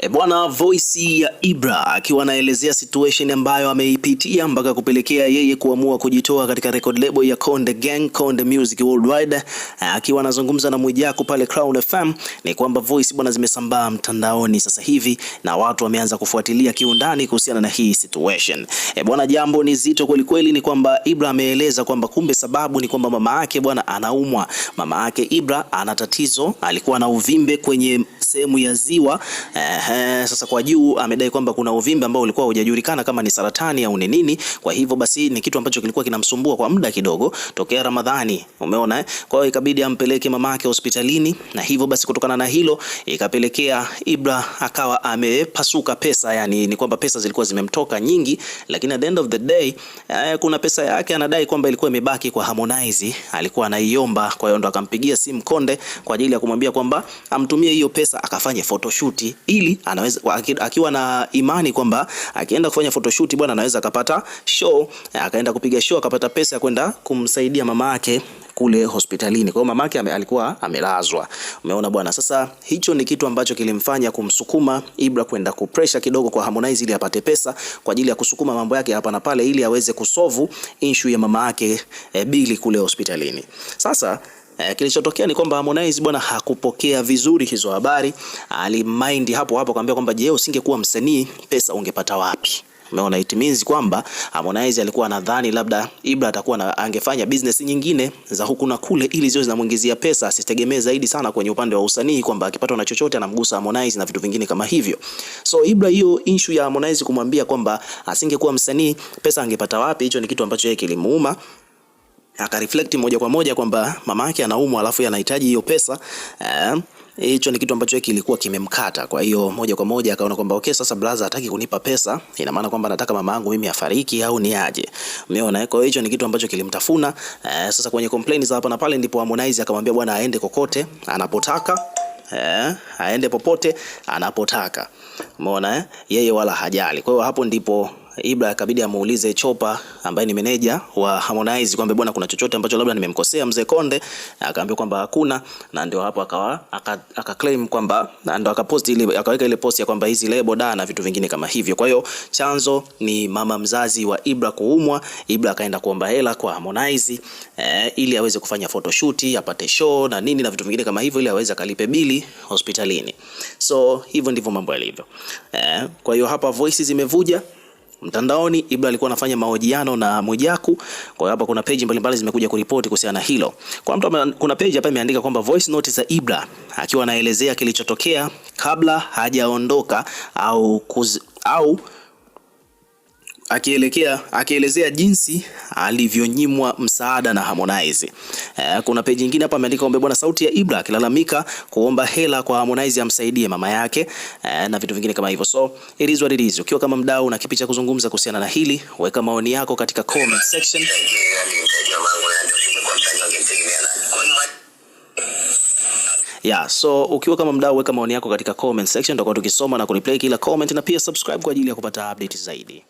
E, bwana voice ya Ibra akiwa anaelezea situation ambayo ameipitia mpaka kupelekea yeye kuamua kujitoa katika record label ya Konde Gang, Konde Music Worldwide. E, akiwa anazungumza na Mwijaku pale Crown FM, ni kwamba voice bwana zimesambaa mtandaoni sasa hivi na watu wameanza kufuatilia kiundani kuhusiana na hii situation. E, bwana jambo ni zito kweli kweli, ni kwamba Ibra ameeleza kwamba kumbe sababu ni kwamba mama yake bwana anaumwa. Mama yake Ibra ana tatizo, alikuwa na uvimbe kwenye sehemu ya ziwa eh, Ehe, sasa kwa juu amedai kwamba kuna uvimbe ambao ulikuwa hujajulikana kama ni saratani au ni nini. Kwa hivyo basi ni kitu ambacho kilikuwa kinamsumbua kwa muda kidogo tokea Ramadhani, umeona eh? Kwa hiyo ikabidi ampeleke mama yake hospitalini, na hivyo basi kutokana na hilo ikapelekea Ibra akawa amepasuka pesa, yani ni kwamba pesa zilikuwa zimemtoka nyingi, lakini at the end of the day eh, kuna pesa yake anadai kwamba ilikuwa imebaki kwa Harmonize, alikuwa anaiomba. Kwa hiyo ndo akampigia simu Konde kwa ajili ya kumwambia kwamba amtumie hiyo pesa akafanye photoshoot ili anaweza akiwa na imani kwamba akienda kufanya photoshoot bwana, anaweza akapata show, akaenda kupiga show akapata pesa ya kwenda kumsaidia mama yake kule hospitalini. Kwa hiyo mama yake alikuwa amelazwa. Umeona bwana, sasa hicho ni kitu ambacho kilimfanya kumsukuma Ibra kwenda kupresha kidogo kwa Harmonize ili apate pesa kwa ajili ya kusukuma mambo yake hapa na pale ili aweze kusovu issue ya mama yake e, eh, bili kule hospitalini. Sasa Eh, kilichotokea ni kwamba Harmonize bwana hakupokea vizuri hizo habari, alimind hapo hapo akamwambia kwamba je, usingekuwa msanii pesa ungepata wapi? Umeona, it means kwamba Harmonize alikuwa anadhani labda Ibra atakuwa na, angefanya business nyingine za huku na kule ili ziwe zinamuingizia pesa, asitegemee zaidi sana kwenye upande wa usanii, kwamba akipatwa na chochote anamgusa Harmonize na vitu vingine kama hivyo. So Ibra, hiyo issue ya Harmonize kumwambia kwamba asingekuwa msanii pesa angepata wapi, hicho ni kitu ambacho yeye kilimuuma akareflect moja kwa moja kwamba mama yake anaumwa, alafu anahitaji hiyo pesa eh, hicho ni kitu ambacho kilikuwa kimemkata. Kwa hiyo moja kwa moja akaona kwamba okay, sasa brother hataki kunipa pesa, ina maana kwamba anataka mama yangu mimi afariki au ni aje? Umeona, eh? kwa hiyo hicho ni kitu ambacho kilimtafuna. Eh, sasa kwenye complaints za hapa na pale ndipo Harmonize akamwambia bwana aende kokote anapotaka eh, aende popote anapotaka. Umeona eh? Yeye wala hajali. Kwa hiyo hapo ndipo Ibra akabidi amuulize Chopa ambaye ni meneja wa Harmonize kwamba bwana, kuna chochote ambacho labda nimemkosea mzee Konde, na akaambia kwamba hakuna, na ndio hapo akawa akaclaim aka kwamba ndio akapost ile akaweka ile post ya kwamba hizi lebo da na vitu vingine kama hivyo. Kwa hiyo chanzo ni mama mzazi wa Ibra kuumwa. Ibra akaenda kuomba hela kwa Harmonize eh, ili aweze kufanya photoshoot apate show na nini na vitu vingine kama hivyo, ili aweze akalipe bili hospitalini. So hivyo ndivyo mambo yalivyo eh. Kwa hiyo hapa voices zimevuja mtandaoni. Ibra alikuwa anafanya mahojiano na Mwijaku. Kwa hiyo hapa kuna page mbalimbali zimekuja kuripoti kuhusiana na hilo. Kwa mtu, kuna page hapa imeandika kwamba voice note za Ibra akiwa anaelezea kilichotokea kabla hajaondoka au kuz, au akielekea akielezea jinsi alivyonyimwa msaada na Harmonize. E, kuna peji nyingine hapa ameandika kwamba bwana sauti ya Ibra akilalamika kuomba hela kwa Harmonize amsaidie mama yake e, na vitu vingine kama hivyo. So it is what it is. Ukiwa kama mdau na kipi cha kuzungumza kuhusiana na hili, weka maoni yako katika comment section. Yeah, so ukiwa kama mdau weka maoni yako katika comment section, tutakuwa tukisoma na kureplay kila comment na pia subscribe kwa ajili ya kupata update zaidi.